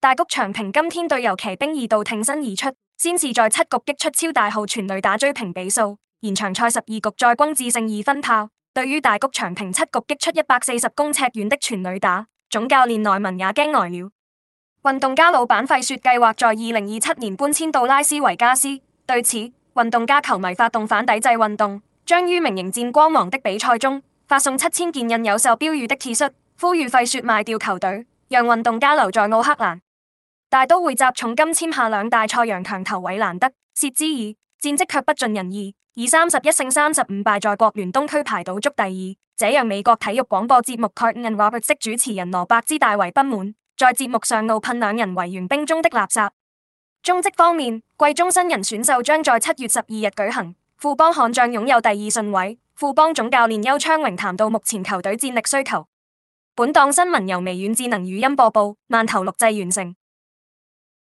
大谷翔平今天對遊騎兵二度挺身而出，先是在七局擊出超大號全壘打追平比數，延長賽十二局再轟致勝二分炮。對於大谷翔平七局擊出一百四十公尺遠的全壘打，總教練內文也驚呆了。運動家老闆費雪計劃在二零二七年搬遷到拉斯維加斯，對此，運動家球迷發動反抵制運動，將於明迎戰光芒的比賽中發送七千件印有「秀」標語的 T 恤，呼籲費雪賣掉球隊，讓運動家留在奧克蘭。大都會集重金簽下兩大賽揚強投韋蘭德、薛之毅，戰績卻不盡人意，以三十一勝三十五敗在國聯東區排倒數第二，這讓美國體育廣播節目《Carton and Roberts》的主持人羅伯茲大為不滿，在節目上怒噴兩人為援兵中的垃圾。中職方面，季中新人選秀將在七月十二日舉行，富邦悍將擁有第二順位。富邦總教練邱昌榮，榮談到目前球隊戰力需求，本檔新聞由微軟智能語音播報，慢頭錄製完成。